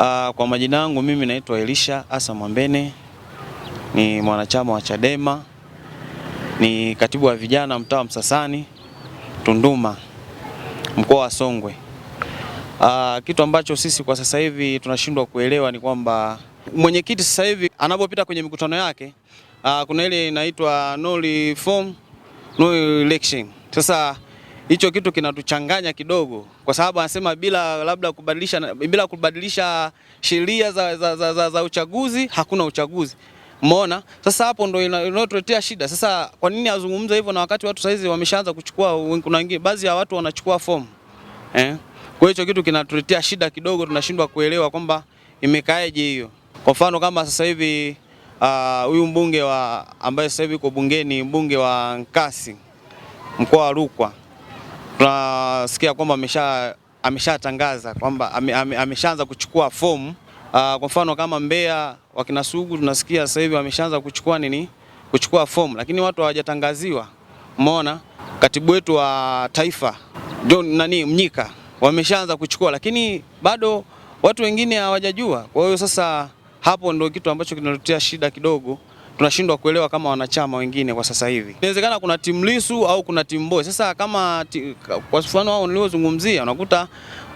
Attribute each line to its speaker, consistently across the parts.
Speaker 1: Ah, kwa majina yangu mimi naitwa Elisha Asa Mwambene, ni mwanachama wa Chadema, ni katibu wa vijana mtaa wa Msasani, Tunduma, mkoa wa Songwe. Aa, ah, kitu ambacho sisi kwa sasa hivi tunashindwa kuelewa ni kwamba
Speaker 2: mwenyekiti sasa hivi anapopita kwenye mikutano yake aa, ah, kuna ile inaitwa no reform no election. Sasa hicho kitu kinatuchanganya kidogo, kwa sababu anasema bila labda kubadilisha, bila kubadilisha sheria za, za, za, za, za uchaguzi hakuna uchaguzi. Umeona, sasa hapo ndo inayotuletea shida. Sasa kwa nini azungumza hivyo, na wakati watu saizi wameshaanza kuchukua, kuna wengine baadhi ya watu wanachukua fomu eh? Kwa hiyo hicho kitu kinatuletea shida kidogo, tunashindwa kuelewa kwamba imekaeje hiyo. Kwa mfano kama sasa hivi ah, huyu uh, mbunge wa ambaye sasa hivi yuko bungeni, mbunge wa Nkasi mkoa wa Rukwa tunasikia kwamba amesha ameshatangaza kwamba ameshaanza kuchukua fomu. Ah, kwa mfano kama Mbeya wakina Sugu tunasikia sasa hivi wameshaanza kuchukua nini, kuchukua fomu, lakini watu hawajatangaziwa. Umeona, katibu wetu wa taifa John nani Mnyika wameshaanza kuchukua, lakini bado watu wengine hawajajua. Kwa hiyo sasa hapo ndio kitu ambacho kinatutia shida kidogo tunashindwa kuelewa kama wanachama wengine kwa sasa hivi. Inawezekana kuna timu Lisu au kuna timu Boy. Sasa kama ti, kwa mfano wao niliozungumzia unakuta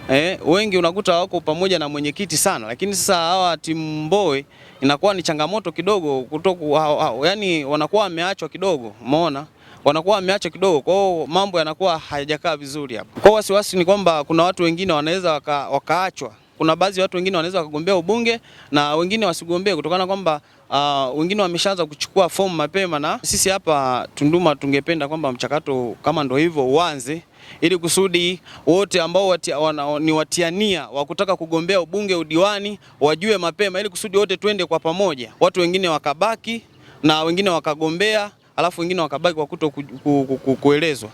Speaker 2: eh, wengi unakuta wako pamoja na mwenyekiti sana, lakini sasa hawa timu Boy inakuwa ni changamoto kidogo kutoku, ha, ha, yani wanakuwa wameachwa kidogo, umeona wanakuwa wameacha kidogo, kwa hiyo mambo yanakuwa hayajakaa vizuri hapo. Kwa wasiwasi ni kwamba kuna watu wengine wanaweza wakaachwa waka kuna baadhi ya watu wengine wanaweza wakagombea ubunge na wengine wasigombee kutokana kwamba uh, wengine wameshaanza kuchukua fomu mapema, na sisi hapa Tunduma tungependa kwamba mchakato kama ndio hivyo uanze ili kusudi wote ambao wati, wana, ni watiania wa kutaka kugombea ubunge, udiwani wajue mapema, ili kusudi wote twende kwa pamoja, watu wengine wakabaki na wengine wakagombea, alafu wengine wakabaki kwa kuto ku, ku, ku, ku, kuelezwa.